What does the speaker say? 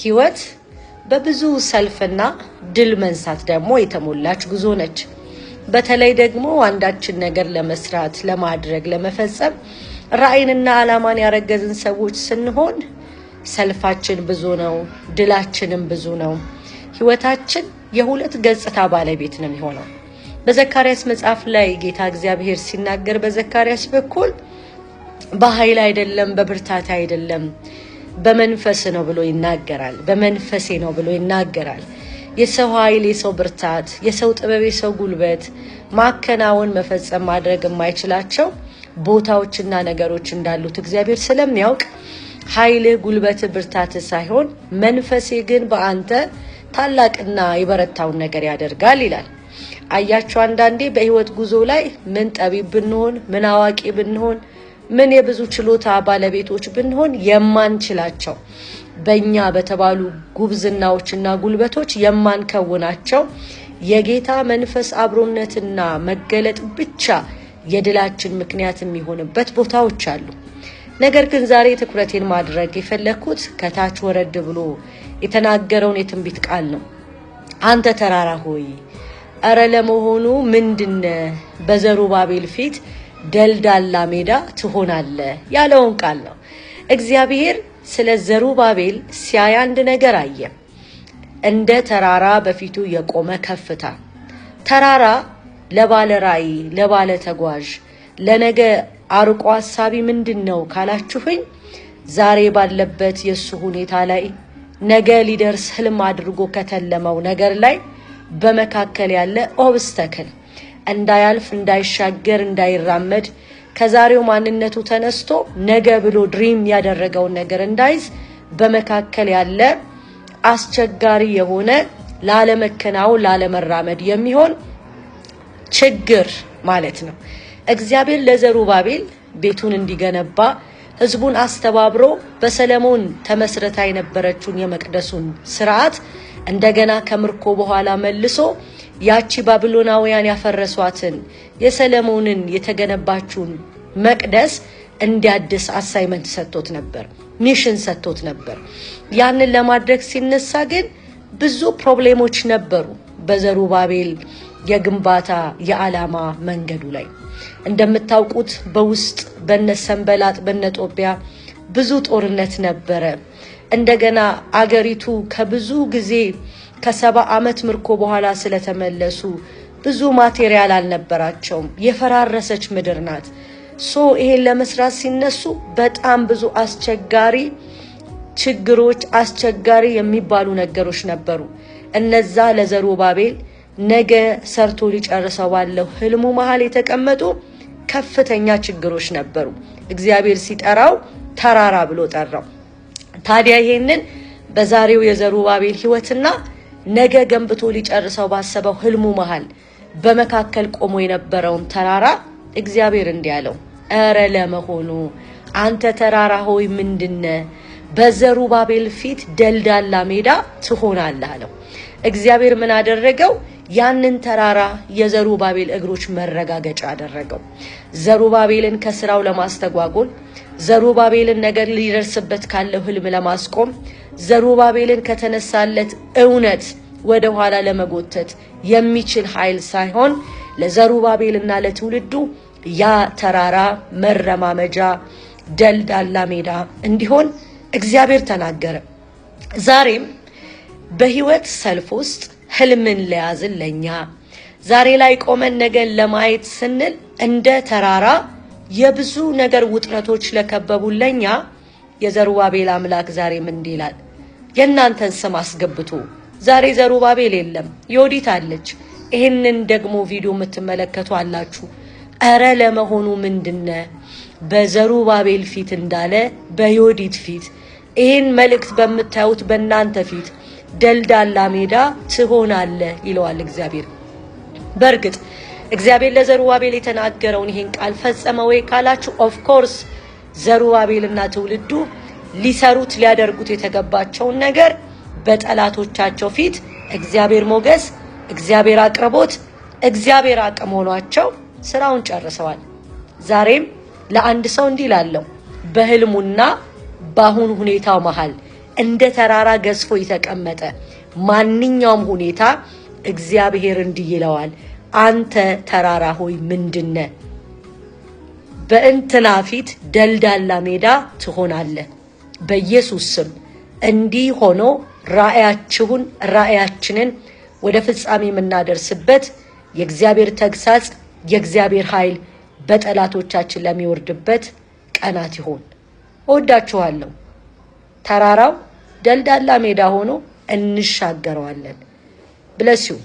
ህይወት በብዙ ሰልፍና ድል መንሳት ደግሞ የተሞላች ጉዞ ነች። በተለይ ደግሞ አንዳችን ነገር ለመስራት፣ ለማድረግ፣ ለመፈጸም ራዕይንና ዓላማን ያረገዝን ሰዎች ስንሆን ሰልፋችን ብዙ ነው፣ ድላችንም ብዙ ነው። ህይወታችን የሁለት ገጽታ ባለቤት ነው የሚሆነው። በዘካርያስ መጽሐፍ ላይ ጌታ እግዚአብሔር ሲናገር በዘካርያስ በኩል በኃይል አይደለም፣ በብርታት አይደለም በመንፈስ ነው ብሎ ይናገራል። በመንፈሴ ነው ብሎ ይናገራል። የሰው ኃይል፣ የሰው ብርታት፣ የሰው ጥበብ፣ የሰው ጉልበት ማከናወን፣ መፈጸም፣ ማድረግ የማይችላቸው ቦታዎችና ነገሮች እንዳሉት እግዚአብሔር ስለሚያውቅ ኃይልህ፣ ጉልበትህ፣ ብርታትህ ሳይሆን መንፈሴ ግን በአንተ ታላቅና የበረታውን ነገር ያደርጋል ይላል። አያችሁ አንዳንዴ በህይወት ጉዞ ላይ ምን ጠቢብ ብንሆን ምን አዋቂ ብንሆን ምን የብዙ ችሎታ ባለቤቶች ብንሆን የማንችላቸው በእኛ በተባሉ ጉብዝናዎችና ጉልበቶች የማንከውናቸው የጌታ መንፈስ አብሮነትና መገለጥ ብቻ የድላችን ምክንያት የሚሆንበት ቦታዎች አሉ። ነገር ግን ዛሬ ትኩረቴን ማድረግ የፈለግኩት ከታች ወረድ ብሎ የተናገረውን የትንቢት ቃል ነው። አንተ ተራራ ሆይ፣ እረ ለመሆኑ ምንድነ በዘሩባቤል ፊት ደልዳላ ሜዳ ትሆናለህ ያለውን ቃል ነው። እግዚአብሔር ስለ ዘሩባቤል ሲያይ አንድ ነገር አየ፣ እንደ ተራራ በፊቱ የቆመ ከፍታ። ተራራ ለባለ ራእይ፣ ለባለ ተጓዥ፣ ለነገ አርቆ ሀሳቢ ምንድን ነው ካላችሁኝ፣ ዛሬ ባለበት የእሱ ሁኔታ ላይ ነገ ሊደርስ ህልም አድርጎ ከተለመው ነገር ላይ በመካከል ያለ ኦብስተክል እንዳያልፍ፣ እንዳይሻገር፣ እንዳይራመድ ከዛሬው ማንነቱ ተነስቶ ነገ ብሎ ድሪም ያደረገውን ነገር እንዳይዝ በመካከል ያለ አስቸጋሪ የሆነ ላለመከናወን፣ ላለመራመድ የሚሆን ችግር ማለት ነው። እግዚአብሔር ለዘሩባቤል ቤቱን እንዲገነባ ህዝቡን አስተባብሮ በሰለሞን ተመስርታ የነበረችውን የመቅደሱን ስርዓት እንደገና ከምርኮ በኋላ መልሶ ያቺ ባቢሎናውያን ያፈረሷትን የሰለሞንን የተገነባችውን መቅደስ እንዲያድስ አሳይመንት ሰጥቶት ነበር፣ ሚሽን ሰጥቶት ነበር። ያንን ለማድረግ ሲነሳ ግን ብዙ ፕሮብሌሞች ነበሩ በዘሩባቤል የግንባታ የዓላማ መንገዱ ላይ እንደምታውቁት በውስጥ በነ ሰንበላጥ በነ ጦቢያ ብዙ ጦርነት ነበረ። እንደገና አገሪቱ ከብዙ ጊዜ ከሰባ ዓመት ምርኮ በኋላ ስለተመለሱ ብዙ ማቴሪያል አልነበራቸውም። የፈራረሰች ምድር ናት። ሶ ይሄን ለመስራት ሲነሱ በጣም ብዙ አስቸጋሪ ችግሮች፣ አስቸጋሪ የሚባሉ ነገሮች ነበሩ። እነዛ ለዘሩባቤል ነገ ሰርቶ ሊጨርሰው ባለው ህልሙ መሀል የተቀመጡ ከፍተኛ ችግሮች ነበሩ። እግዚአብሔር ሲጠራው ተራራ ብሎ ጠራው። ታዲያ ይሄንን በዛሬው የዘሩባቤል ህይወትና ነገ ገንብቶ ሊጨርሰው ባሰበው ህልሙ መሃል በመካከል ቆሞ የነበረውን ተራራ እግዚአብሔር እንዲህ አለው፣ እረ ለመሆኑ አንተ ተራራ ሆይ ምንድነ በዘሩባቤል ፊት ደልዳላ ሜዳ ትሆናለህ አለው። እግዚአብሔር ምን አደረገው? ያንን ተራራ የዘሩባቤል እግሮች መረጋገጫ አደረገው። ዘሩባቤልን ከስራው ለማስተጓጎል ዘሩባቤልን ነገር ሊደርስበት ካለው ህልም ለማስቆም ዘሩባቤልን ከተነሳለት እውነት ወደ ኋላ ለመጎተት የሚችል ኃይል ሳይሆን ለዘሩባቤልና ለትውልዱ ያ ተራራ መረማመጃ ደልዳላ ሜዳ እንዲሆን እግዚአብሔር ተናገረ። ዛሬም በህይወት ሰልፍ ውስጥ ህልምን ለያዝን ለእኛ ዛሬ ላይ ቆመን ነገን ለማየት ስንል እንደ ተራራ የብዙ ነገር ውጥረቶች ለከበቡን ለእኛ የዘሩባቤል አምላክ ዛሬም እንዲህ ይላል የእናንተን ስም አስገብቶ ዛሬ ዘሩባቤል የለም ዮዲት አለች። ይህንን ደግሞ ቪዲዮ የምትመለከቱ አላችሁ። እረ ለመሆኑ ምንድነ በዘሩባቤል ፊት እንዳለ በዮዲት ፊት ይህን መልእክት በምታዩት በእናንተ ፊት ደልዳላ ሜዳ ትሆናለ ይለዋል እግዚአብሔር። በእርግጥ እግዚአብሔር ለዘሩባቤል የተናገረውን ይህን ቃል ፈጸመ ወይ ካላችሁ ኦፍኮርስ ዘሩባቤልና ትውልዱ ሊሰሩት ሊያደርጉት የተገባቸውን ነገር በጠላቶቻቸው ፊት እግዚአብሔር ሞገስ፣ እግዚአብሔር አቅርቦት፣ እግዚአብሔር አቅም ሆኗቸው ስራውን ጨርሰዋል። ዛሬም ለአንድ ሰው እንዲህ ላለው በህልሙና በአሁኑ ሁኔታው መሃል እንደ ተራራ ገዝፎ የተቀመጠ ማንኛውም ሁኔታ እግዚአብሔር እንዲህ ይለዋል፣ አንተ ተራራ ሆይ ምንድነ በእንትና ፊት ደልዳላ ሜዳ ትሆናለህ። በኢየሱስ ስም እንዲህ ሆኖ ራእያችሁን ራእያችንን ወደ ፍጻሜ የምናደርስበት የእግዚአብሔር ተግሳጽ የእግዚአብሔር ኃይል በጠላቶቻችን ለሚወርድበት ቀናት ይሆን። እወዳችኋለሁ። ተራራው ደልዳላ ሜዳ ሆኖ እንሻገረዋለን። ብለሲው